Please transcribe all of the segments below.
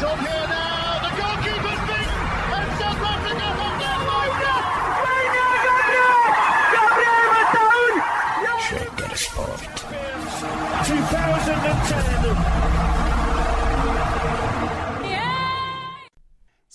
He's up here.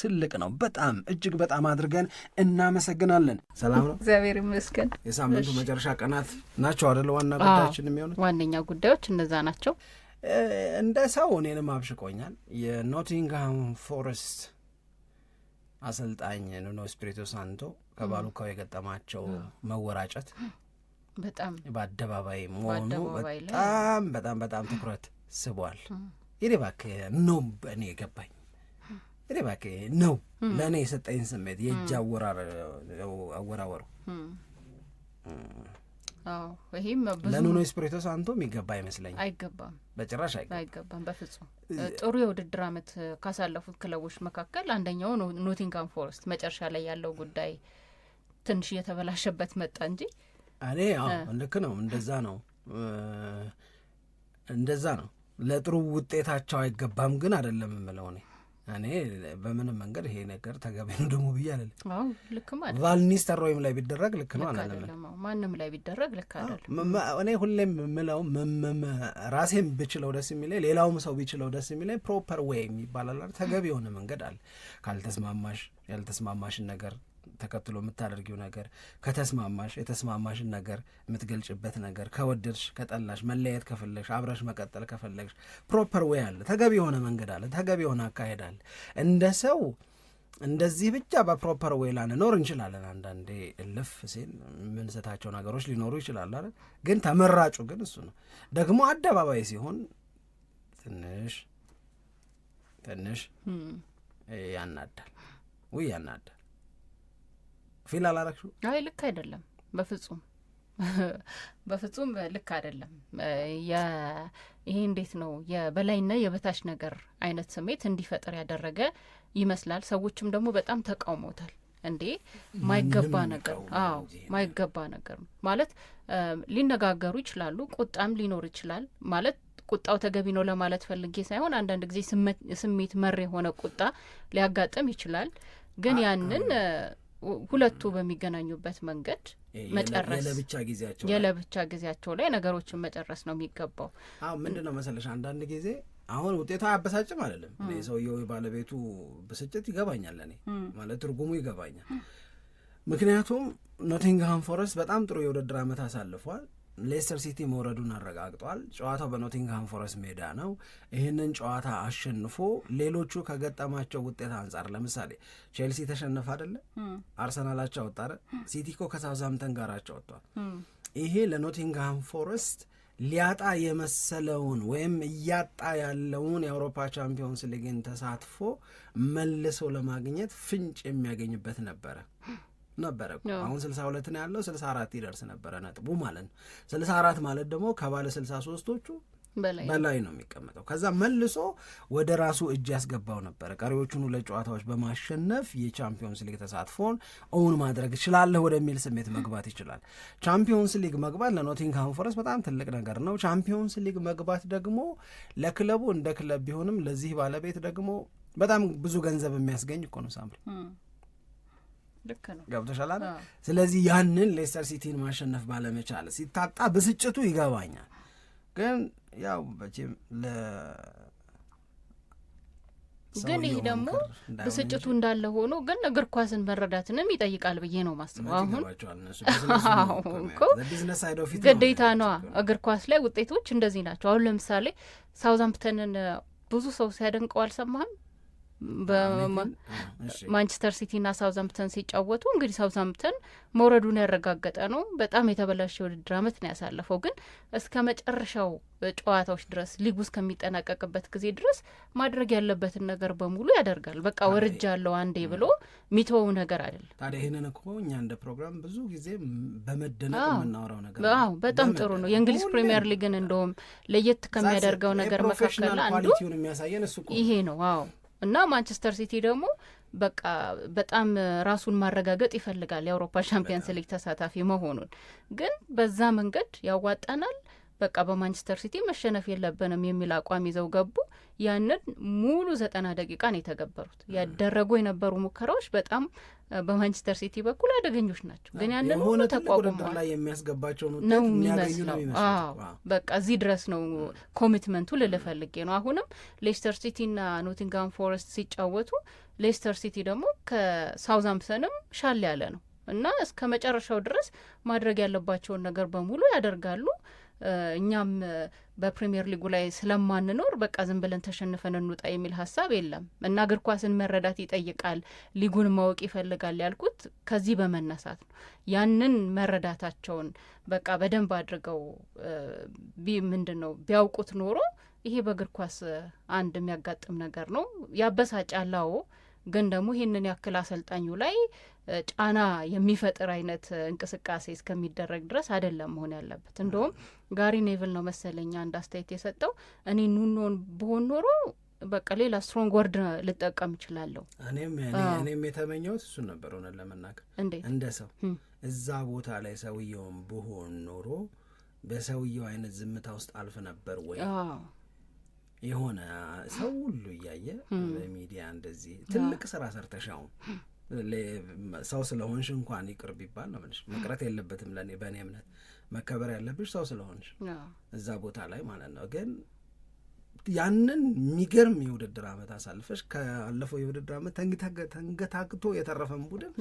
ትልቅ ነው። በጣም እጅግ በጣም አድርገን እናመሰግናለን። ሰላም ነው፣ እግዚአብሔር ይመስገን። የሳምንቱ መጨረሻ ቀናት ናቸው አደለ? ዋና ጉዳዮችን የሚሆኑት ዋነኛ ጉዳዮች እነዛ ናቸው። እንደ ሰው እኔንም አብሽቆኛል የኖቲንግሃም ፎረስት አሰልጣኝ ኑኖ ስፒሪቶ ሳንቶ ከባሉካው የገጠማቸው መወራጨት በጣም በአደባባይ መሆኑ በጣም በጣም በጣም ትኩረት ስቧል። ይሄ እባክህ ነው እኔ የገባኝ እኔ ነው ለእኔ የሰጠኝ ስሜት የእጅ አወራወሩ ይህም ለኑኖ ስፒሪቶ ሳንቶ የሚገባ አይመስለኝም። አይገባም፣ በጭራሽ አይገባም፣ በፍጹም ጥሩ የውድድር አመት ካሳለፉት ክለቦች መካከል አንደኛው ኖቲንጋም ፎረስት መጨረሻ ላይ ያለው ጉዳይ ትንሽ እየተበላሸበት መጣ እንጂ እኔ ልክ ነው፣ እንደዛ ነው፣ እንደዛ ነው። ለጥሩ ውጤታቸው አይገባም ግን አይደለም የምለው እኔ እኔ በምንም መንገድ ይሄ ነገር ተገቢ ነው ደግሞ ብዬ አለልም። ልክም አለ ቫልኒስተር ወይም ላይ ቢደረግ ልክ ነው አላለም። ማንም ላይ ቢደረግ ልክ አይደለም። እኔ ሁሌም የምለው ራሴም ብችለው ደስ የሚለኝ ሌላውም ሰው ቢችለው ደስ የሚለኝ ፕሮፐር ዌይ የሚባል ተገቢ የሆነ መንገድ አለ። ካልተስማማሽ ያልተስማማሽን ነገር ተከትሎ የምታደርጊው ነገር ከተስማማሽ የተስማማሽን ነገር የምትገልጭበት ነገር ከወደድሽ ከጠላሽ መለየት ከፈለግሽ አብረሽ መቀጠል ከፈለግሽ ፕሮፐር ወይ አለ፣ ተገቢ የሆነ መንገድ አለ፣ ተገቢ የሆነ አካሄድ አለ። እንደ ሰው እንደዚህ ብቻ በፕሮፐር ወይ ላንኖር እንችላለን። አንዳንዴ እልፍ ሲል የምንስታቸው ነገሮች ሊኖሩ ይችላሉ አይደል? ግን ተመራጩ ግን እሱ ነው። ደግሞ አደባባይ ሲሆን ትንሽ ትንሽ hmm. ያናዳል፣ ውይ ያናዳል። ፊል አላረግሹ? አይ ልክ አይደለም፣ በፍጹም በፍጹም ልክ አይደለም። ይሄ እንዴት ነው የበላይና የበታች ነገር አይነት ስሜት እንዲፈጠር ያደረገ ይመስላል። ሰዎችም ደግሞ በጣም ተቃውሞታል። እንዴ ማይገባ ነገር አዎ፣ ማይገባ ነገር ማለት ሊነጋገሩ ይችላሉ። ቁጣም ሊኖር ይችላል ማለት ቁጣው ተገቢ ነው ለማለት ፈልጌ ሳይሆን አንዳንድ ጊዜ ስሜት መር የሆነ ቁጣ ሊያጋጥም ይችላል። ግን ያንን ሁለቱ በሚገናኙበት መንገድ መጨረስ የለብቻ ጊዜያቸው የለብቻ ጊዜያቸው ላይ ነገሮችን መጨረስ ነው የሚገባው። አዎ ምንድን ነው መሰለሽ አንዳንድ ጊዜ አሁን ውጤቱ አያበሳጭም አይደለም። ሰውየው የባለቤቱ ብስጭት ይገባኛል፣ እኔ ማለት ትርጉሙ ይገባኛል። ምክንያቱም ኖቲንግሃም ፎረስት በጣም ጥሩ የውድድር ዓመት አሳልፏል። ሌስተር ሲቲ መውረዱን አረጋግጧል። ጨዋታው በኖቲንግሃም ፎረስት ሜዳ ነው። ይህንን ጨዋታ አሸንፎ ሌሎቹ ከገጠማቸው ውጤት አንጻር ለምሳሌ ቼልሲ ተሸነፈ አደለ? አርሰናላቸው ወጣረ። ሲቲ እኮ ከሳውዛምተን ጋራቸው ወጥቷል። ይሄ ለኖቲንግሃም ፎረስት ሊያጣ የመሰለውን ወይም እያጣ ያለውን የአውሮፓ ቻምፒዮንስ ሊግን ተሳትፎ መልሶ ለማግኘት ፍንጭ የሚያገኝበት ነበረ። ነበረ። አሁን ስልሳ ሁለት ነው ያለው፣ ስልሳ አራት ይደርስ ነበረ ነጥቡ ማለት ነው። ስልሳ አራት ማለት ደግሞ ከባለ ስልሳ ሶስቶቹ በላይ ነው የሚቀመጠው። ከዛ መልሶ ወደ ራሱ እጅ ያስገባው ነበረ። ቀሪዎቹን ሁለት ጨዋታዎች በማሸነፍ የቻምፒዮንስ ሊግ ተሳትፎን እውን ማድረግ እችላለሁ ወደሚል ስሜት መግባት ይችላል። ቻምፒዮንስ ሊግ መግባት ለኖቲንግሃም ፎረስት በጣም ትልቅ ነገር ነው። ቻምፒዮንስ ሊግ መግባት ደግሞ ለክለቡ እንደ ክለብ ቢሆንም ለዚህ ባለቤት ደግሞ በጣም ብዙ ገንዘብ የሚያስገኝ እኮ ነው ሳምሪ ልክ ነው ገብቶሻል ስለዚህ ያንን ሌስተር ሲቲን ማሸነፍ ባለመቻል ሲታጣ ብስጭቱ ይገባኛል ግን ያው መቼም ለ ግን ይህ ደግሞ ብስጭቱ እንዳለ ሆኖ ግን እግር ኳስን መረዳትንም ይጠይቃል ብዬ ነው ማስበው። አሁን ግዴታ ነዋ እግር ኳስ ላይ ውጤቶች እንደዚህ ናቸው። አሁን ለምሳሌ ሳውዛምፕተንን ብዙ ሰው ሲያደንቀው አልሰማህም? በማንቸስተር ሲቲ ና ሳውዛምፕተን ሲጫወቱ እንግዲህ ሳውዛምፕተን መውረዱን ያረጋገጠ ነው። በጣም የተበላሸ የውድድር አመት ነው ያሳለፈው። ግን እስከ መጨረሻው ጨዋታዎች ድረስ ሊጉ እስከሚጠናቀቅበት ጊዜ ድረስ ማድረግ ያለበትን ነገር በሙሉ ያደርጋል። በቃ ወርጃ ያለው አንዴ ብሎ ሚተወው ነገር አይደለም። ታዲያ ይህንን እኮ እኛ እንደ ፕሮግራም ብዙ ጊዜ በመደነቅ የምናወራው ነገር ነው። በጣም ጥሩ ነው። የእንግሊዝ ፕሪሚየር ሊግን እንደውም ለየት ከሚያደርገው ነገር መካከል አንዱ ይሄ ነው። አዎ እና ማንቸስተር ሲቲ ደግሞ በቃ በጣም ራሱን ማረጋገጥ ይፈልጋል የአውሮፓ ሻምፒየንስ ሊግ ተሳታፊ መሆኑን። ግን በዛ መንገድ ያዋጣናል በቃ በማንቸስተር ሲቲ መሸነፍ የለብንም የሚል አቋም ይዘው ገቡ። ያንን ሙሉ ዘጠና ደቂቃ ነው የተገበሩት። ያደረጉ የነበሩ ሙከራዎች በጣም በማንቸስተር ሲቲ በኩል አደገኞች ናቸው፣ ግን ያንን ሁሉ ተቋቁመዋል። ነው የሚመስለው። አዎ በቃ እዚህ ድረስ ነው ኮሚትመንቱ ልል ነው። አሁንም ሌስተር ሲቲና ኖቲንጋም ፎረስት ሲጫወቱ፣ ሌስተር ሲቲ ደግሞ ከሳውዛምፕሰንም ሻል ያለ ነው እና እስከ መጨረሻው ድረስ ማድረግ ያለባቸውን ነገር በሙሉ ያደርጋሉ። እኛም በፕሪምየር ሊጉ ላይ ስለማንኖር በቃ ዝም ብለን ተሸንፈን እንውጣ የሚል ሀሳብ የለም እና እግር ኳስን መረዳት ይጠይቃል፣ ሊጉን ማወቅ ይፈልጋል ያልኩት ከዚህ በመነሳት ነው። ያንን መረዳታቸውን በቃ በደንብ አድርገው ምንድን ነው ቢያውቁት ኖሮ ይሄ በእግር ኳስ አንድ የሚያጋጥም ነገር ነው። ያበሳጫል ግን ደግሞ ይህንን ያክል አሰልጣኙ ላይ ጫና የሚፈጥር አይነት እንቅስቃሴ እስከሚደረግ ድረስ አይደለም መሆን ያለበት። እንደውም ጋሪ ኔቭል ነው መሰለኛ አንድ አስተያየት የሰጠው እኔ ኑኖን ብሆን ኖሮ በቃ ሌላ ስትሮንግ ወርድ ልጠቀም እችላለሁ። እኔም የተመኘሁት እሱን ነበር። ሆነን ለመናገር እንደ ሰው እዛ ቦታ ላይ ሰውየውን ብሆን ኖሮ በሰውየው አይነት ዝምታ ውስጥ አልፍ ነበር ወይ የሆነ ሰው ሁሉ እያየ በሚዲያ እንደዚህ ትልቅ ስራ ሰርተሽ አሁን ሰው ስለሆንሽ እንኳን ይቅር ቢባል ነው ምንሽ መቅረት የለበትም ለእኔ በእኔ እምነት መከበር ያለብሽ ሰው ስለሆንሽ እዛ ቦታ ላይ ማለት ነው። ግን ያንን የሚገርም የውድድር ዓመት አሳልፈሽ ካለፈው የውድድር ዓመት ተንገታግቶ የተረፈን ቡድን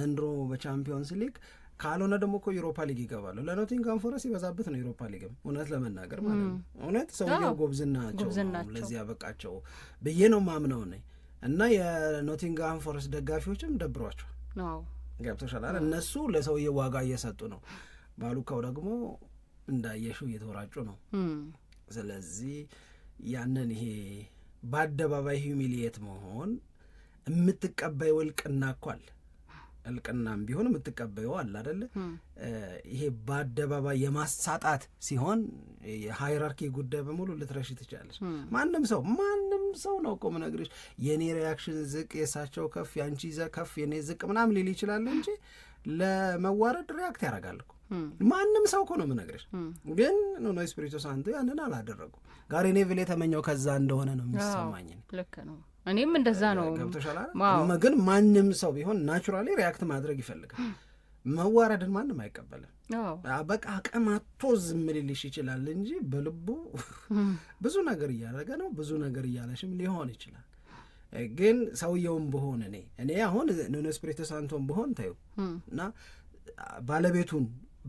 ዘንድሮ በቻምፒዮንስ ሊግ ካልሆነ ደግሞ እኮ ዩሮፓ ሊግ ይገባሉ። ለኖቲንግሃም ፎረስት ይበዛበት ነው ዩሮፓ ሊግም እውነት ለመናገር ማለት ነው። እውነት ሰውየው ጎብዝናቸው ለዚህ ያበቃቸው ብዬ ነው ማምነው ነኝ እና የኖቲንግሃም ፎረስት ደጋፊዎችም ደብሯቸዋል። ገብቶሻል አይደል? እነሱ ለሰውየው ዋጋ እየሰጡ ነው። ባሉካው ደግሞ እንዳየሽው እየተወራጩ ነው። ስለዚህ ያንን ይሄ በአደባባይ ሂዩሚሊየት መሆን የምትቀባይ ውልቅና እኮ እልቅናም ቢሆን የምትቀበየው አለ አደለ። ይሄ በአደባባይ የማሳጣት ሲሆን የሃይራርኪ ጉዳይ በሙሉ ልትረሽ ትችላለች። ማንም ሰው ማንም ሰው ነው እኮ ምነግርሽ የእኔ ሪያክሽን ዝቅ፣ የእሳቸው ከፍ፣ የአንቺ ከፍ፣ የኔ ዝቅ ምናምን ሊል ይችላል እንጂ ለመዋረድ ሪያክት ያደርጋል እኮ ማንም ሰው እኮ ነው የምነግርሽ። ግን ኑኖ ስፒሪቶ ሳንቶ ያንን አላደረጉም። ጋሪ ኔቪል የተመኘው ከዛ እንደሆነ ነው የሚሰማኝ። ልክ ነው። እኔም እንደዛ ነው። ገብቶሻል ግን ማንም ሰው ቢሆን ናቹራሊ ሪያክት ማድረግ ይፈልጋል። መዋረድን ማንም አይቀበልም። በቃ አቅም አጥቶ ዝም ሊልሽ ይችላል እንጂ በልቡ ብዙ ነገር እያደረገ ነው። ብዙ ነገር እያለሽም ሊሆን ይችላል። ግን ሰውየውም ብሆን እኔ እኔ አሁን ኑኖ ኤስፒሪቶ ሳንቶን ብሆን ተይው እና ባለቤቱን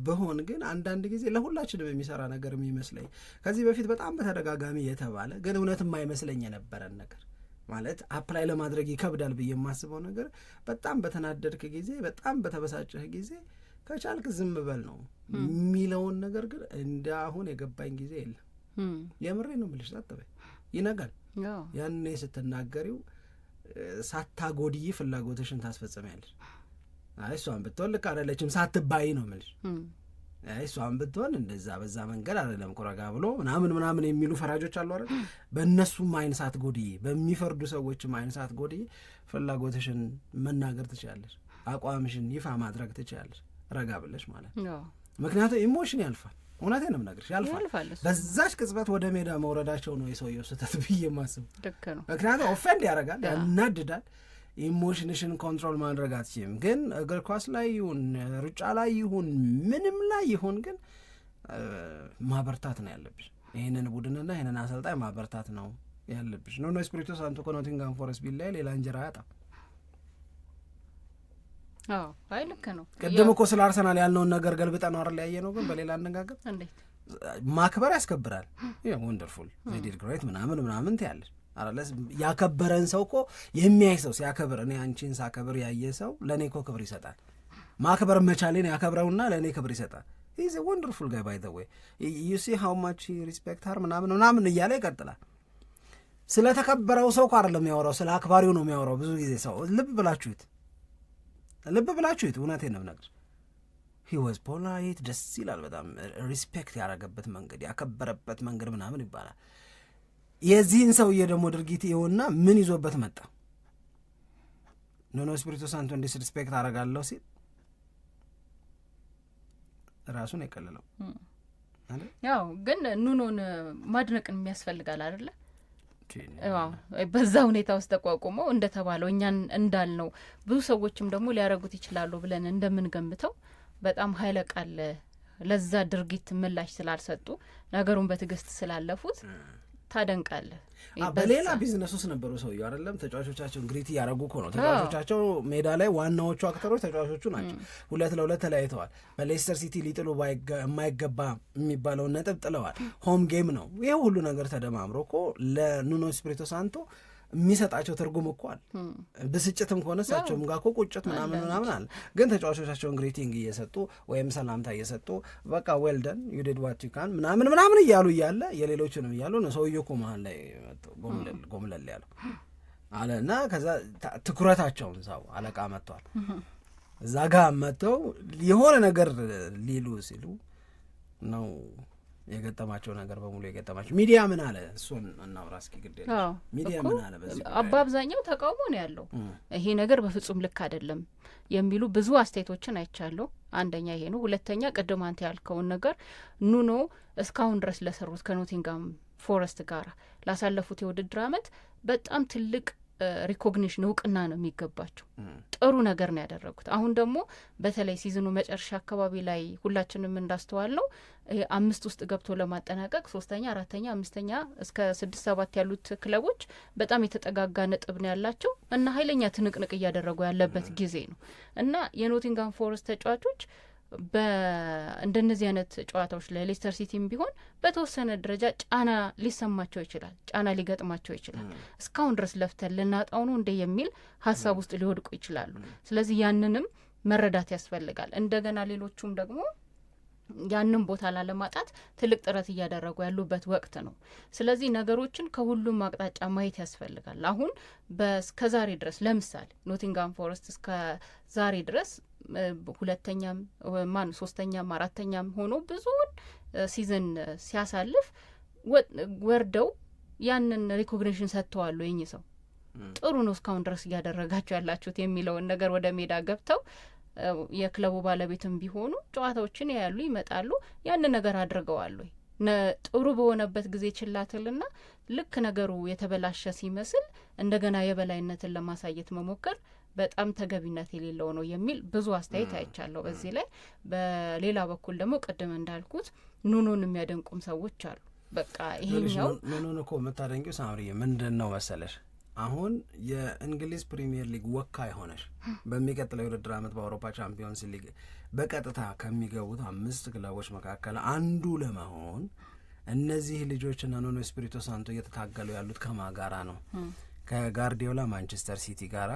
ብሆን ግን አንዳንድ ጊዜ ለሁላችንም የሚሰራ ነገር የሚመስለኝ ከዚህ በፊት በጣም በተደጋጋሚ የተባለ ግን እውነት የማይመስለኝ የነበረን ነገር ማለት አፕላይ ለማድረግ ይከብዳል ብዬ የማስበው ነገር በጣም በተናደድክ ጊዜ፣ በጣም በተበሳጨህ ጊዜ ከቻልክ ዝም በል ነው የሚለውን ነገር ግን እንደ አሁን የገባኝ ጊዜ የለም። የምሬ ነው ብልሽ ሳትበይ ይነጋል። ያኔ ስትናገሪው ሳታጎድይ ፍላጎትሽን ታስፈጽሚያለሽ። አይ እሷን ብትወልቅ ሳትባይ ነው ምልሽ እሷም ብትሆን እንደዛ በዛ መንገድ አይደለም ቁረጋ ብሎ ምናምን ምናምን የሚሉ ፈራጆች አሉ አይደል? በእነሱም አይነሳት ጎድዬ፣ በሚፈርዱ ሰዎችም አይነሳት ሰዓት ጎድዬ፣ ፍላጎትሽን መናገር ትችላለች፣ አቋምሽን ይፋ ማድረግ ትችላለች፣ ረጋ ብለሽ ማለት ነው። ምክንያቱም ኢሞሽን ያልፋል። እውነቴን ነው የምነግርሽ፣ ያልፋል። በዛች ቅጽበት ወደ ሜዳ መውረዳቸው ነው የሰውየው ስህተት ብዬ ማስብ። ምክንያቱም ኦፌንድ ያደርጋል፣ ያናድዳል ኢሞሽንሽን ኮንትሮል ማድረግ አትችም። ግን እግር ኳስ ላይ ይሁን ሩጫ ላይ ይሁን ምንም ላይ ይሁን ግን ማበርታት ነው ያለብሽ። ይህንን ቡድንና ይህንን አሰልጣኝ ማበርታት ነው ያለብሽ። ኑኖ ኤስፒሪቶ ሳንቶ ከኖቲንግሃም ፎረስት ቢለያይ ሌላ እንጀራ አያጣም። አይ ልክ ነው። ቅድም እኮ ስለ አርሰናል ያልነውን ነገር ገልብጠን ነው ያየ ነው። ግን በሌላ አነጋገር ማክበር ያስከብራል። ወንደርፉል ሜዲድ ግሬት ምናምን ምናምን ትያለሽ አለ ያከበረን ሰው እኮ የሚያይ ሰው ሲያከብር እኔ አንቺን ሳከብር ያየ ሰው ለእኔ እኮ ክብር ይሰጣል። ማክበር መቻሌን ያከብረውና ለእኔ ክብር ይሰጣል። ኢዝ ወንደርፉል ጋይ ባይ ዘ ወይ ዩ ሲ ሃው ማች ሪስፔክት ሀር ምናምን ምናምን እያለ ይቀጥላል። ስለተከበረው ሰው እኮ አይደለም የሚያወራው፣ ስለ አክባሪው ነው የሚያወራው። ብዙ ጊዜ ሰው ልብ ብላችሁት ልብ ብላችሁት እውነቴ ነው የምነግርሽ። ሂ ወዝ ፖላይት ደስ ይላል በጣም ሪስፔክት ያደረገበት መንገድ ያከበረበት መንገድ ምናምን ይባላል የዚህን ሰውዬ ደግሞ ድርጊት ይኸውና ምን ይዞበት መጣ። ኖኖ ስፒሪቶ ሳንቶ ዲስሪስፔክት አረጋለሁ ሲል ራሱን የቀለለው ያው ግን ኑኖን ማድነቅን የሚያስፈልጋል አይደለ? በዛ ሁኔታ ውስጥ ተቋቁሞ እንደተባለው እኛን እንዳልነው ብዙ ሰዎችም ደግሞ ሊያደርጉት ይችላሉ ብለን እንደምንገምተው በጣም ኃይለ ቃል ለዛ ድርጊት ምላሽ ስላልሰጡ ነገሩን በትዕግስት ስላለፉት ታደንቃለህ። በሌላ ቢዝነስ ውስጥ ነበሩ ሰውዬው አይደለም። ተጫዋቾቻቸውን ግሪት እያደረጉ እኮ ነው። ተጫዋቾቻቸው ሜዳ ላይ ዋናዎቹ አክተሮች ተጫዋቾቹ ናቸው። ሁለት ለሁለት ተለያይተዋል። በሌስተር ሲቲ ሊጥሉ የማይገባ የሚባለውን ነጥብ ጥለዋል። ሆም ጌም ነው። ይህ ሁሉ ነገር ተደማምሮ እኮ ለኑኖ ስፕሪቶ ሳንቶ የሚሰጣቸው ትርጉም እኮ አለ። ብስጭትም ከሆነ እሳቸውም ጋር እኮ ቁጭት ምናምን ምናምን አለ። ግን ተጫዋቾቻቸውን ግሪቲንግ እየሰጡ ወይም ሰላምታ እየሰጡ በቃ ዌልደን ዩዴድ ዋቲካን ምናምን ምናምን እያሉ እያለ የሌሎችንም እያሉ ሰውየ እኮ መሀል ላይ ጎምለል ያለው አለ እና ከዛ ትኩረታቸውን ሰው አለቃ መጥቷል እዛ ጋ መጥተው የሆነ ነገር ሊሉ ሲሉ ነው የገጠማቸው ነገር በሙሉ የገጠማቸው ሚዲያ ምን አለ? እሱን እናውራ እስኪ። ግድ ሚዲያ ምን አለ? በአብዛኛው ተቃውሞ ነው ያለው። ይሄ ነገር በፍጹም ልክ አይደለም የሚሉ ብዙ አስተያየቶችን አይቻለሁ። አንደኛ ይሄ ነው። ሁለተኛ ቅድም አንተ ያልከውን ነገር ኑኖ እስካሁን ድረስ ለሰሩት ከኖቲንጋም ፎረስት ጋር ላሳለፉት የውድድር አመት በጣም ትልቅ ሪኮግኒሽን እውቅና ነው የሚገባቸው። ጥሩ ነገር ነው ያደረጉት። አሁን ደግሞ በተለይ ሲዝኑ መጨረሻ አካባቢ ላይ ሁላችንም እንዳስተዋለው አምስት ውስጥ ገብቶ ለማጠናቀቅ ሶስተኛ፣ አራተኛ፣ አምስተኛ እስከ ስድስት ሰባት ያሉት ክለቦች በጣም የተጠጋጋ ነጥብ ነው ያላቸው እና ኃይለኛ ትንቅንቅ እያደረጉ ያለበት ጊዜ ነው እና የኖቲንጋም ፎረስት ተጫዋቾች እንደነዚህ አይነት ጨዋታዎች ላይ ሌስተር ሲቲም ቢሆን በተወሰነ ደረጃ ጫና ሊሰማቸው ይችላል፣ ጫና ሊገጥማቸው ይችላል። እስካሁን ድረስ ለፍተን ልናጣው ነው እንደ የሚል ሀሳብ ውስጥ ሊወድቁ ይችላሉ። ስለዚህ ያንንም መረዳት ያስፈልጋል። እንደገና ሌሎቹም ደግሞ ያንን ቦታ ላለማጣት ትልቅ ጥረት እያደረጉ ያሉበት ወቅት ነው። ስለዚህ ነገሮችን ከሁሉም አቅጣጫ ማየት ያስፈልጋል። አሁን እስከ ዛሬ ድረስ ለምሳሌ ኖቲንጋም ፎረስት እስከ ዛሬ ድረስ ሁለተኛም ማን ሶስተኛም አራተኛም ሆኖ ብዙውን ሲዝን ሲያሳልፍ ወርደው ያንን ሪኮግኒሽን ሰጥተዋሉ። የኚህ ሰው ጥሩ ነው እስካሁን ድረስ እያደረጋችሁ ያላችሁት የሚለውን ነገር ወደ ሜዳ ገብተው የክለቡ ባለቤትም ቢሆኑ ጨዋታዎችን ያሉ ይመጣሉ። ያንን ነገር አድርገዋሉ። ጥሩ በሆነበት ጊዜ ችላትልና ልክ ነገሩ የተበላሸ ሲመስል እንደገና የበላይነትን ለማሳየት መሞከር በጣም ተገቢነት የሌለው ነው የሚል ብዙ አስተያየት አይቻለሁ በዚህ ላይ። በሌላ በኩል ደግሞ ቅድም እንዳልኩት ኑኑን የሚያደንቁም ሰዎች አሉ። በቃ ይሄኛው ኑኑን እኮ የምታደንቂው ሳምሪ ምንድን ነው መሰለሽ አሁን የእንግሊዝ ፕሪምየር ሊግ ወካይ ሆነሽ በሚቀጥለው የውድድር ዓመት በአውሮፓ ቻምፒዮንስ ሊግ በቀጥታ ከሚገቡት አምስት ክለቦች መካከል አንዱ ለመሆን እነዚህ ልጆችና ኑኖ ኤስፒሪቶ ሳንቶ እየተታገሉ ያሉት ከማ ጋራ ነው? ከጋርዲዮላ ማንቸስተር ሲቲ ጋራ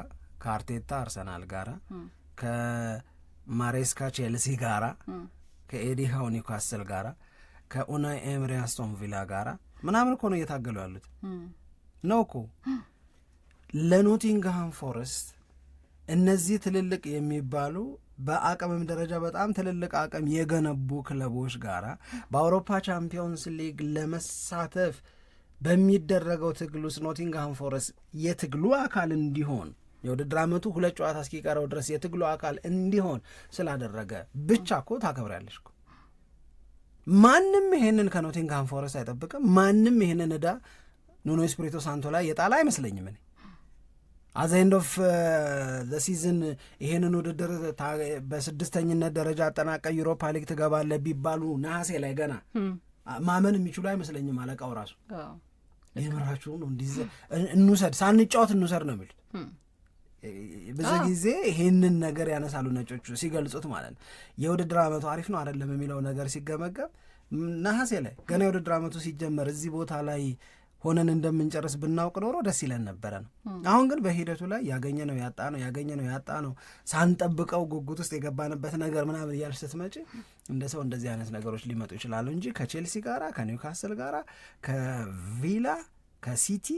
ከአርቴታ አርሰናል ጋራ ከማሬስካ ቼልሲ ጋራ ከኤዲሃው ኒውካስል ጋራ ከኡናይ ኤምሪ አስቶን ቪላ ጋራ ምናምን እኮ ነው እየታገሉ ያሉት ነው እኮ ለኖቲንግሃም ፎረስት እነዚህ ትልልቅ የሚባሉ በአቅምም ደረጃ በጣም ትልልቅ አቅም የገነቡ ክለቦች ጋራ በአውሮፓ ቻምፒዮንስ ሊግ ለመሳተፍ በሚደረገው ትግል ውስጥ ኖቲንግሃም ፎረስት የትግሉ አካል እንዲሆን የውድድር ዓመቱ ሁለት ጨዋታ እስኪቀረው ድረስ የትግሉ አካል እንዲሆን ስላደረገ ብቻ እኮ ታከብሪያለሽ ማንም ይሄንን ከኖቲንግሃም ፎረስት አይጠብቅም። ማንም ይሄንን እዳ ኑኖ ስፕሪቶ ሳንቶ ላይ የጣለ አይመስለኝም። እኔ አዘ ኤንድ ኦፍ ዘ ሲዝን ይሄንን ውድድር በስድስተኝነት ደረጃ አጠናቀ ዩሮፓ ሊግ ትገባለ ቢባሉ ነሐሴ ላይ ገና ማመን የሚችሉ አይመስለኝም። አለቃው ራሱ የምራችሁ ነው እንዲህ እንውሰድ ሳንጫወት እንውሰድ ነው የሚሉት ብዙ ጊዜ ይህንን ነገር ያነሳሉ ነጮቹ ሲገልጹት ማለት ነው። የውድድር ዓመቱ አሪፍ ነው አይደለም የሚለው ነገር ሲገመገም ነሐሴ ላይ ገና የውድድር ዓመቱ ሲጀመር እዚህ ቦታ ላይ ሆነን እንደምንጨርስ ብናውቅ ኖሮ ደስ ይለን ነበረ ነው። አሁን ግን በሂደቱ ላይ ያገኘ ነው ያጣ ነው ያገኘ ነው ያጣ ነው ሳንጠብቀው ጉጉት ውስጥ የገባንበት ነገር ምናምን እያልሽ ስትመጪ እንደ ሰው እንደዚህ አይነት ነገሮች ሊመጡ ይችላሉ እንጂ ከቼልሲ ጋራ ከኒውካስል ጋራ ከቪላ ከሲቲ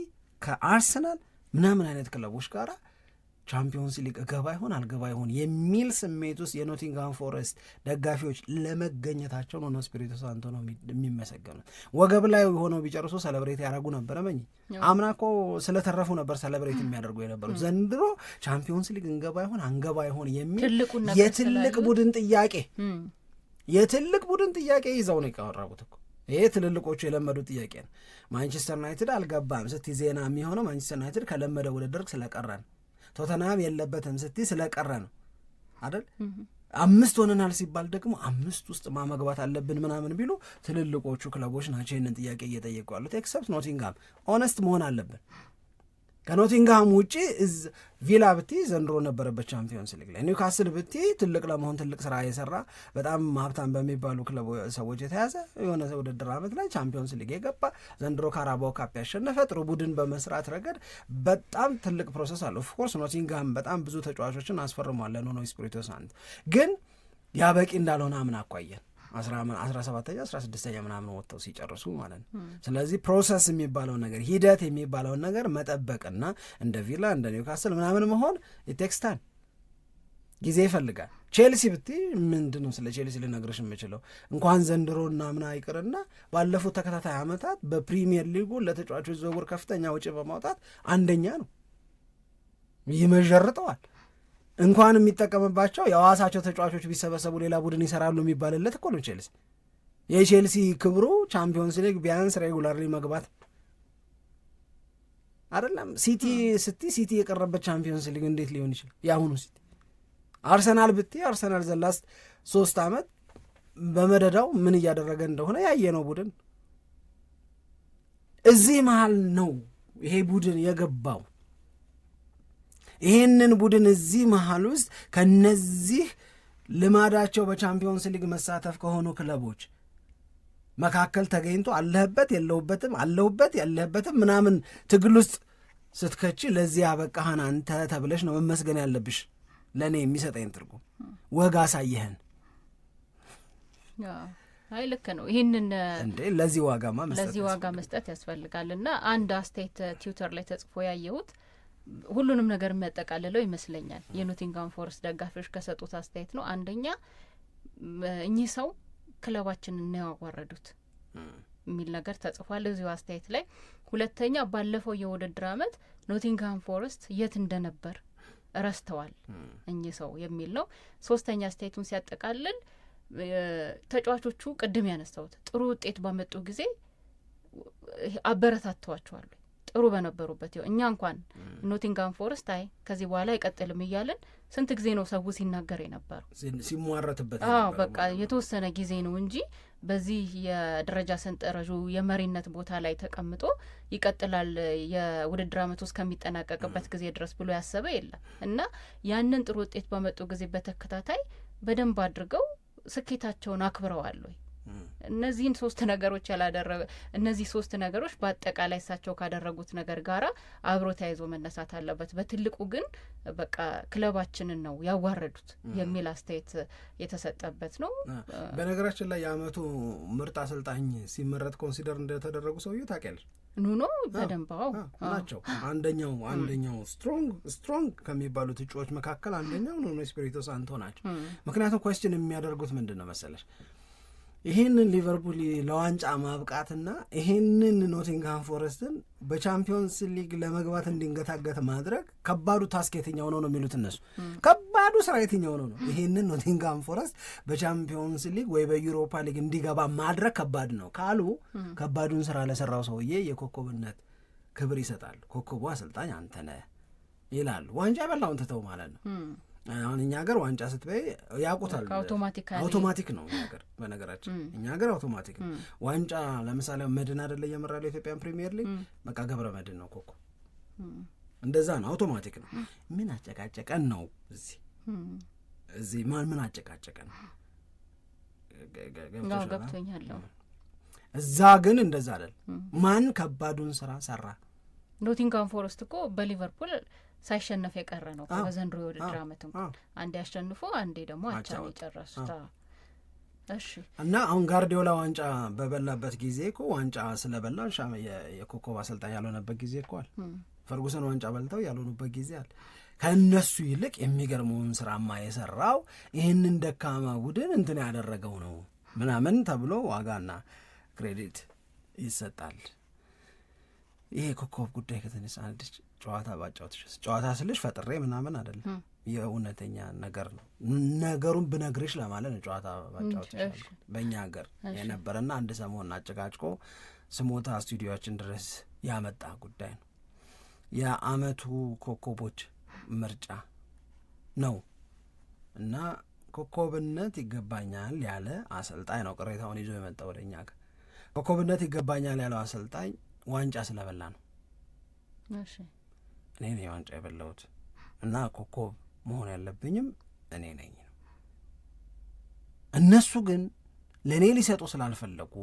ከአርሰናል ምናምን አይነት ክለቦች ጋራ ቻምፒዮንስ ሊግ እገባ ይሆን አልገባ ይሆን የሚል ስሜት ውስጥ የኖቲንግሃም ፎረስት ደጋፊዎች ለመገኘታቸው ነው ስፒሪቶ ሳንቶ ነው የሚመሰገኑት። ወገብ ላይ ሆነው ቢጨርሱ ሰለብሬት ያደረጉ ነበረ። መኝ አምና እኮ ስለተረፉ ነበር ሰለብሬት የሚያደርጉ የነበሩ። ዘንድሮ ቻምፒዮንስ ሊግ እንገባ ይሆን አንገባ ይሆን የሚል የትልቅ ቡድን ጥያቄ የትልቅ ቡድን ጥያቄ ይዘው ነው የቀረቡት እኮ ይሄ ትልልቆቹ የለመዱ ጥያቄ ነው። ማንቸስተር ዩናይትድ አልገባም ስቲ ዜና የሚሆነው ማንቸስተር ዩናይትድ ከለመደ ውድድር ስለቀረን ቶተናም የለበትም ስትይ ስለቀረ ነው አደል አምስት ሆነናል ሲባል ደግሞ አምስት ውስጥ ማመግባት አለብን ምናምን ቢሉ ትልልቆቹ ክለቦች ናቸው ይህንን ጥያቄ እየጠየቁ ያሉት ኤክሰፕት ኖቲንግሃም ኦነስት መሆን አለብን። ከኖቲንግሃም ውጪ ቪላ ብቲ ዘንድሮ ነበረበት ቻምፒዮንስ ሊግ ላይ ኒውካስል ብቲ ትልቅ ለመሆን ትልቅ ስራ የሰራ በጣም ሀብታም በሚባሉ ክለብ ሰዎች የተያዘ የሆነ ውድድር ዓመት ላይ ቻምፒዮንስ ሊግ የገባ ዘንድሮ ካራባው ካፕ ያሸነፈ ጥሩ ቡድን በመስራት ረገድ በጣም ትልቅ ፕሮሰስ አለ። ኦፍኮርስ ኖቲንግሃም በጣም ብዙ ተጫዋቾችን አስፈርሟል ለኑኖ ስፒሪቶ ሳንቶ ግን ያበቂ እንዳልሆነ አምን አኳየን አስራ ሰባተኛ አስራ ስድስተኛ ምናምን ወጥተው ሲጨርሱ ማለት ነው። ስለዚህ ፕሮሰስ የሚባለውን ነገር ሂደት የሚባለውን ነገር መጠበቅና እንደ ቪላ እንደ ኒውካስል ምናምን መሆን ይቴክስታል፣ ጊዜ ይፈልጋል። ቼልሲ ብትይ ምንድን ነው ስለ ቼልሲ ልነግርሽ የምችለው እንኳን ዘንድሮና ምና ይቅርና ባለፉት ተከታታይ ዓመታት በፕሪሚየር ሊጉ ለተጫዋቾች ዝውውር ከፍተኛ ውጪ በማውጣት አንደኛ ነው። ይመዠርጠዋል እንኳን የሚጠቀምባቸው የሐዋሳቸው ተጫዋቾች ቢሰበሰቡ ሌላ ቡድን ይሰራሉ የሚባልለት እኮ ነው ቼልሲ። የቼልሲ ክብሩ ቻምፒዮንስ ሊግ ቢያንስ ሬጉላርሊ መግባት አይደለም። ሲቲ ስቲ ሲቲ የቀረበት ቻምፒዮንስ ሊግ እንዴት ሊሆን ይችላል? የአሁኑ ሲቲ አርሰናል ብት አርሰናል ዘላስት ሶስት አመት በመደዳው ምን እያደረገ እንደሆነ ያየ ነው ቡድን እዚህ መሀል ነው ይሄ ቡድን የገባው ይህንን ቡድን እዚህ መሀል ውስጥ ከነዚህ ልማዳቸው በቻምፒዮንስ ሊግ መሳተፍ ከሆኑ ክለቦች መካከል ተገኝቶ አለህበት የለሁበትም አለሁበት ያለህበትም ምናምን ትግል ውስጥ ስትከች ለዚህ ያበቃህን አንተ ተብለሽ ነው መመስገን ያለብሽ። ለእኔ የሚሰጠኝ ትርጉም ወግ አሳየህን። አይ ልክ ነው። ይህንን ለዚህ ዋጋማ ለዚህ ዋጋ መስጠት ያስፈልጋል። እና አንድ አስተያየት ትዊተር ላይ ተጽፎ ያየሁት ሁሉንም ነገር የሚያጠቃልለው ይመስለኛል። የኖቲንጋም ፎረስት ደጋፊዎች ከሰጡት አስተያየት ነው። አንደኛ እኚህ ሰው ክለባችንን ነው ያዋረዱት የሚል ነገር ተጽፏል እዚሁ አስተያየት ላይ። ሁለተኛ ባለፈው የውድድር አመት ኖቲንግሃም ፎረስት የት እንደነበር ረስተዋል እኚህ ሰው የሚል ነው። ሶስተኛ አስተያየቱን ሲያጠቃልል ተጫዋቾቹ ቅድም ያነሳሁት ጥሩ ውጤት ባመጡ ጊዜ አበረታተዋቸዋሉ ጥሩ በነበሩበት ው እኛ እንኳን ኖቲንጋም ፎረስት አይ ከዚህ በኋላ አይቀጥልም እያልን ስንት ጊዜ ነው ሰው ሲናገር የነበረው ሲሟረትበት? አዎ በቃ የተወሰነ ጊዜ ነው እንጂ በዚህ የደረጃ ሰንጠረዡ የመሪነት ቦታ ላይ ተቀምጦ ይቀጥላል የውድድር አመቱ እስከሚጠናቀቅበት ጊዜ ድረስ ብሎ ያሰበ የለም እና ያንን ጥሩ ውጤት በመጡ ጊዜ በተከታታይ በደንብ አድርገው ስኬታቸውን አክብረዋል ወይ እነዚህን ሶስት ነገሮች ያላደረገ እነዚህ ሶስት ነገሮች በአጠቃላይ እሳቸው ካደረጉት ነገር ጋራ አብሮ ተያይዞ መነሳት አለበት። በትልቁ ግን በቃ ክለባችንን ነው ያዋረዱት የሚል አስተያየት የተሰጠበት ነው። በነገራችን ላይ የአመቱ ምርጥ አሰልጣኝ ሲመረጥ ኮንሲደር እንደተደረጉ ሰውዬ ታውቂያለሽ? ኑኖ በደንባው ናቸው። አንደኛው አንደኛው ስትሮንግ ስትሮንግ ከሚባሉት እጩዎች መካከል አንደኛው ኑኖ ስፒሪቶ ሳንቶ ናቸው። ምክንያቱም ኮስችን የሚያደርጉት ምንድን ነው መሰለሽ ይሄንን ሊቨርፑል ለዋንጫ ማብቃትና ይሄንን ኖቲንግሃም ፎረስትን በቻምፒዮንስ ሊግ ለመግባት እንዲንገታገት ማድረግ ከባዱ ታስክ የትኛው ነው ነው የሚሉት እነሱ። ከባዱ ስራ የትኛው ነው ነው? ይሄንን ኖቲንግሃም ፎረስት በቻምፒዮንስ ሊግ ወይ በዩሮፓ ሊግ እንዲገባ ማድረግ ከባድ ነው ካሉ ከባዱን ስራ ለሰራው ሰውዬ የኮከብነት ክብር ይሰጣል። ኮከቡ አሰልጣኝ አንተነህ ይላሉ። ዋንጫ የበላውን ትተው ማለት ነው አሁን እኛ ሀገር ዋንጫ ስትበይ ያውቁታል። አውቶማቲክ ነው ነገር በነገራችን እኛ ሀገር አውቶማቲክ ነው ዋንጫ። ለምሳሌ መድን አደለ እየመራ ያለው ኢትዮጵያን ፕሪሚየር ሊግ በቃ ገብረ መድን ነው ኮኮ እንደዛ ነው አውቶማቲክ ነው። ምን አጨቃጨቀን ነው እዚህ እዚህ ማን ምን አጨቃጨቀን? ገብቶኛለሁ። እዛ ግን እንደዛ አይደል። ማን ከባዱን ስራ ሰራ? ኖቲንጋም ፎረስት እኮ በሊቨርፑል ሳይሸነፍ የቀረ ነው በዘንድሮ የውድድር አመት እንኳን አንዴ አሸንፎ አንዴ ደግሞ አቻ ነው የጨረሱት። እና አሁን ጋርዲዮላ ዋንጫ በበላበት ጊዜ እኮ ዋንጫ ስለበላ የኮከብ አሰልጣኝ ያልሆነበት ጊዜ እኮ አለ። ፈርጉሰን ዋንጫ በልተው ያልሆኑበት ጊዜ አለ። ከእነሱ ይልቅ የሚገርመውን ስራማ የሰራው ይህንን ደካማ ቡድን እንትን ያደረገው ነው ምናምን ተብሎ ዋጋና ክሬዲት ይሰጣል። ይሄ ኮከብ ጉዳይ ከተነሳ ጨዋታ ባጫወትሽስ ጨዋታ ስልሽ ፈጥሬ ምናምን አይደለም፣ የእውነተኛ ነገር ነው። ነገሩን ብነግርሽ ለማለት ነው። ጨዋታ ባጫወትሽ በእኛ ሀገር የነበረና አንድ ሰሞን አጨቃጭቆ ስሞታ ስቱዲዮችን ድረስ ያመጣ ጉዳይ ነው። የአመቱ ኮከቦች ምርጫ ነው እና ኮከብነት ይገባኛል ያለ አሰልጣኝ ነው ቅሬታውን ይዞ የመጣ ወደ እኛ ሀገር። ኮከብነት ይገባኛል ያለው አሰልጣኝ ዋንጫ ስለበላ ነው። እኔ ነኝ ዋንጫ የበላሁት እና ኮከብ መሆን ያለብኝም እኔ ነኝ ነው። እነሱ ግን ለእኔ ሊሰጡ ስላልፈለጉ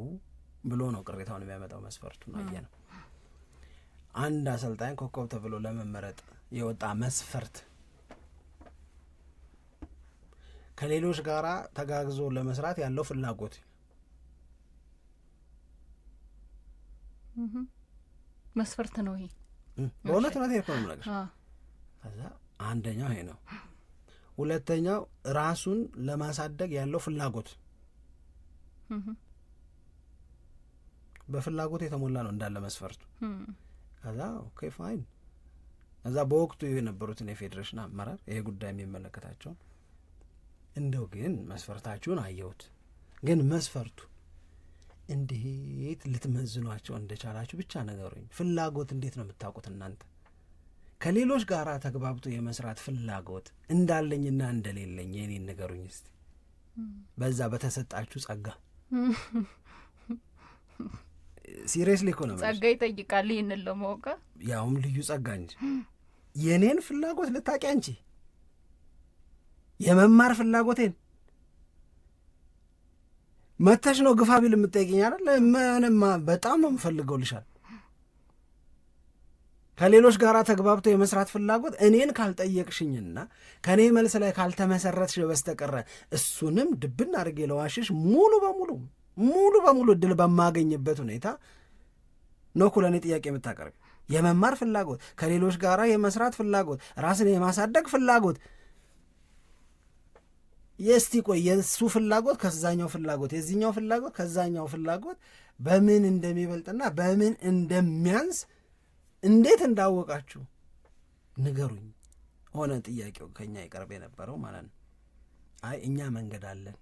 ብሎ ነው ቅሬታውን የሚያመጣው። መስፈርቱ አየ ነው። አንድ አሰልጣኝ ኮከብ ተብሎ ለመመረጥ የወጣ መስፈርት ከሌሎች ጋር ተጋግዞ ለመስራት ያለው ፍላጎት መስፈርት ነው ይሄ። በእውነት እውነቴን ነው የምነግርሽ። ከዛ አንደኛው ይሄ ነው። ሁለተኛው ራሱን ለማሳደግ ያለው ፍላጎት በፍላጎት የተሞላ ነው እንዳለ መስፈርቱ። ከዛ ኦኬ ፋይን። ከዛ በወቅቱ የነበሩትን የፌዴሬሽን አመራር ይሄ ጉዳይ የሚመለከታቸውን እንደው ግን መስፈርታችሁን አየሁት ግን መስፈርቱ እንዴት ልትመዝኗቸው እንደቻላችሁ ብቻ ነገሩኝ። ፍላጎት እንዴት ነው የምታውቁት እናንተ? ከሌሎች ጋር ተግባብቶ የመስራት ፍላጎት እንዳለኝና እንደሌለኝ የኔን ነገሩኝ እስቲ በዛ በተሰጣችሁ ጸጋ። ሲሪየስሊ እኮ ነው ጸጋ ይጠይቃል። ይህንን ለማወቅ ያውም ልዩ ጸጋ እንጂ የእኔን ፍላጎት ልታውቂ አንቺ የመማር ፍላጎቴን መተሽ ነው ግፋ ቢል የምጠይቅኝ አይደል? ምንም በጣም ነው የምፈልገው ልሻል። ከሌሎች ጋር ተግባብቶ የመስራት ፍላጎት እኔን ካልጠየቅሽኝና ከእኔ መልስ ላይ ካልተመሰረትሽ በስተቀረ እሱንም ድብን አድርጌ ለዋሽሽ ሙሉ በሙሉ ሙሉ በሙሉ እድል በማገኝበት ሁኔታ ነው እኮ ለእኔ ጥያቄ የምታቀርብ የመማር ፍላጎት ከሌሎች ጋር የመስራት ፍላጎት ራስን የማሳደግ ፍላጎት የስቲ ቆይ የእሱ ፍላጎት ከዛኛው ፍላጎት የዚኛው ፍላጎት ከዛኛው ፍላጎት በምን እንደሚበልጥና በምን እንደሚያንስ እንዴት እንዳወቃችሁ ንገሩኝ ሆነ ጥያቄው ከኛ ይቀርብ የነበረው ማለት ነው። አይ እኛ መንገድ አለን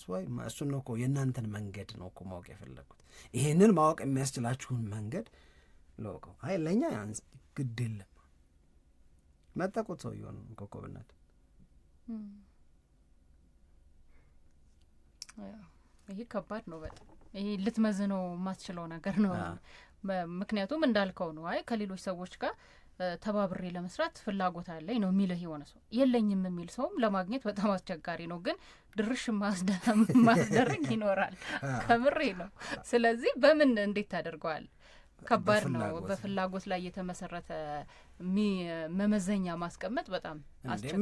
ስዋይ እሱን ነው እኮ የእናንተን መንገድ ነው እኮ ማወቅ የፈለግኩት ይሄንን ማወቅ የሚያስችላችሁን መንገድ ለውቀው። አይ ለእኛ ግድ የለም መጠቁት ሰው የሆኑ ኮከብነት ይሄ ከባድ ነው በጣም ይሄ ልትመዝነው የማትችለው ነገር ነው። ምክንያቱም እንዳልከው ነው። አይ ከሌሎች ሰዎች ጋር ተባብሬ ለመስራት ፍላጎት አለኝ ነው የሚልህ የሆነ ሰው የለኝም የሚል ሰውም ለማግኘት በጣም አስቸጋሪ ነው። ግን ድርሽ ማስደረግ ይኖራል። ከምሬ ነው። ስለዚህ በምን እንዴት ታደርገዋል? ከባድ ነው። በፍላጎት ላይ የተመሰረተ መመዘኛ ማስቀመጥ በጣም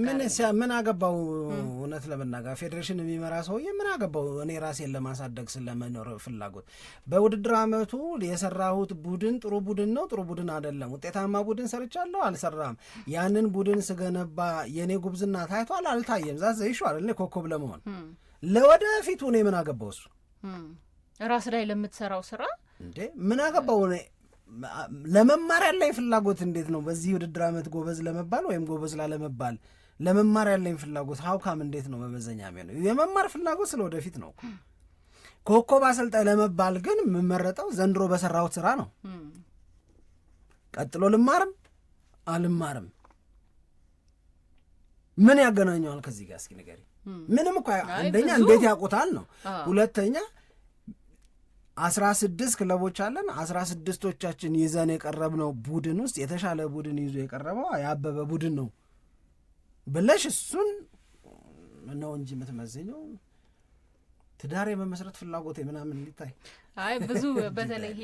ምን ምን አገባው። እውነት ለመናገር ፌዴሬሽን የሚመራ ሰውዬ ምን አገባው? እኔ ራሴን ለማሳደግ ስለመኖር ፍላጎት በውድድር አመቱ የሰራሁት ቡድን ጥሩ ቡድን ነው፣ ጥሩ ቡድን አይደለም፣ ውጤታማ ቡድን ሰርቻለሁ፣ አልሰራም፣ ያንን ቡድን ስገነባ የእኔ ጉብዝና ታይቷል፣ አልታየም፣ ዛዘ ይሹ አለ ኮከብ ለመሆን ለወደፊቱ እኔ ምን አገባው? እሱ ራስ ላይ ለምትሰራው ስራ እንዴ ምን አገባው? ለመማር ያለኝ ፍላጎት እንዴት ነው? በዚህ ውድድር ዓመት ጎበዝ ለመባል ወይም ጎበዝ ላለመባል ለመማር ያለኝ ፍላጎት ሀውካም እንዴት ነው መመዘኛ የሚሆነው? የመማር ፍላጎት ስለ ወደፊት ነው። ኮከብ አሰልጣኝ ለመባል ግን የምመረጠው ዘንድሮ በሰራሁት ስራ ነው። ቀጥሎ ልማርም አልማርም ምን ያገናኘዋል ከዚህ ጋር እስኪ ንገሪ። ምንም እኳ አንደኛ እንዴት ያውቁታል ነው፣ ሁለተኛ አስራ ስድስት ክለቦች አለን። አስራ ስድስቶቻችን ይዘን የቀረብነው ቡድን ውስጥ የተሻለ ቡድን ይዞ የቀረበው ያበበ ቡድን ነው ብለሽ እሱን ነው እንጂ የምትመዝኘው ትዳር የመመስረት ፍላጎት ምናምን ሊታይ አይ ብዙ በተለይ ይሄ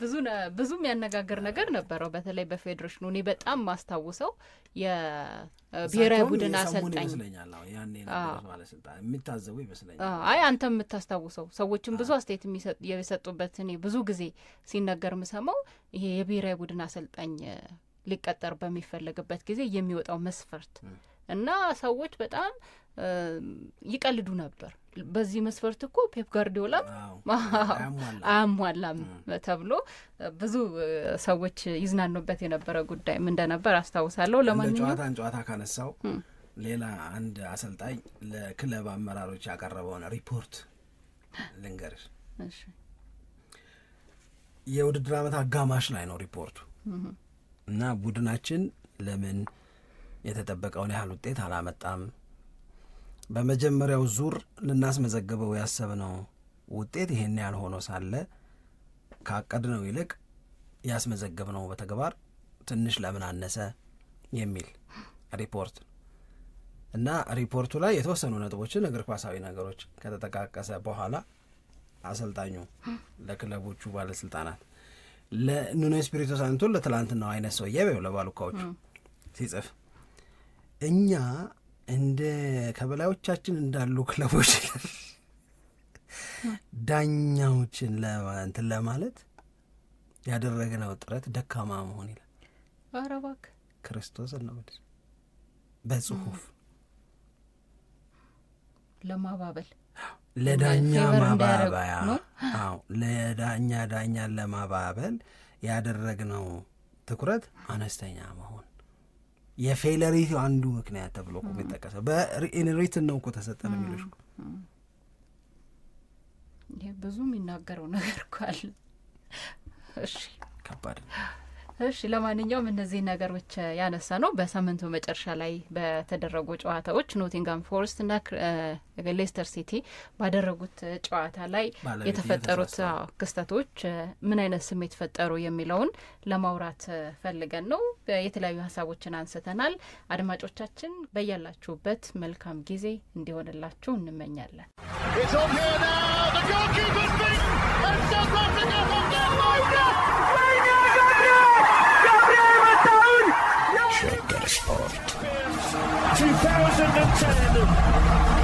ብዙ ብዙም የሚያነጋግር ነገር ነበረው። በተለይ በፌዴሬሽኑ እኔ በጣም ማስታውሰው የብሔራዊ ቡድን አሰልጣኝ ባለስልጣን የሚታዘቡ ይመስለኛል። አይ አንተ የምታስታውሰው ሰዎችም ብዙ አስተያየት የሰጡበት እኔ ብዙ ጊዜ ሲነገር ምሰማው ይሄ የብሔራዊ ቡድን አሰልጣኝ ሊቀጠር በሚፈለግበት ጊዜ የሚወጣው መስፈርት እና ሰዎች በጣም ይቀልዱ ነበር። በዚህ መስፈርት እኮ ፔፕ ጋርዲዮላም አያሟላም ተብሎ ብዙ ሰዎች ይዝናኑበት የነበረ ጉዳይም እንደነበር አስታውሳለሁ። ለማንኛውም ጨዋታን ጨዋታ ካነሳው ሌላ አንድ አሰልጣኝ ለክለብ አመራሮች ያቀረበውን ሪፖርት ልንገርሽ። የውድድር ዓመት አጋማሽ ላይ ነው ሪፖርቱ እና ቡድናችን ለምን የተጠበቀውን ያህል ውጤት አላመጣም በመጀመሪያው ዙር ልናስመዘግበው ያሰብነው ውጤት ይሄን ያህል ሆኖ ሳለ ካቀድነው ይልቅ ያስመዘገብነው በተግባር ትንሽ ለምን አነሰ የሚል ሪፖርት እና ሪፖርቱ ላይ የተወሰኑ ነጥቦችን እግር ኳሳዊ ነገሮች ከተጠቃቀሰ በኋላ አሰልጣኙ ለክለቦቹ ባለስልጣናት ለኑኖ ስፒሪቶ ሳንቶ ለትላንትናው አይነት ሰውዬ ለባሉካዎቹ ሲጽፍ እኛ እንደ ከበላዮቻችን እንዳሉ ክለቦች ዳኛዎችን እንትን ለማለት ያደረግነው ጥረት ደካማ መሆን ይላል። ኧረ እባክህ ክርስቶስ ነው በጽሁፍ ለማባበል ለዳኛ ማባበያ አዎ ለዳኛ ዳኛን ለማባበል ያደረግነው ትኩረት አነስተኛ መሆን የፌለሪ አንዱ ምክንያት ተብሎ እኮ የሚጠቀሰ በኢንሬት ነው እኮ ተሰጠ ነው የሚለሽ ይህ ብዙ የሚናገረው ነገር እኮ አለ። እሺ ከባድ እሺ ለማንኛውም እነዚህ ነገሮች ያነሳ ነው በሳምንቱ መጨረሻ ላይ በተደረጉ ጨዋታዎች ኖቲንጋም ፎረስት ና ሌስተር ሲቲ ባደረጉት ጨዋታ ላይ የተፈጠሩት ክስተቶች ምን አይነት ስሜት ፈጠሩ የሚለውን ለማውራት ፈልገን ነው። የተለያዩ ሀሳቦችን አንስተናል። አድማጮቻችን በያላችሁበት መልካም ጊዜ እንዲሆንላችሁ እንመኛለን። Trick Sport. 2010.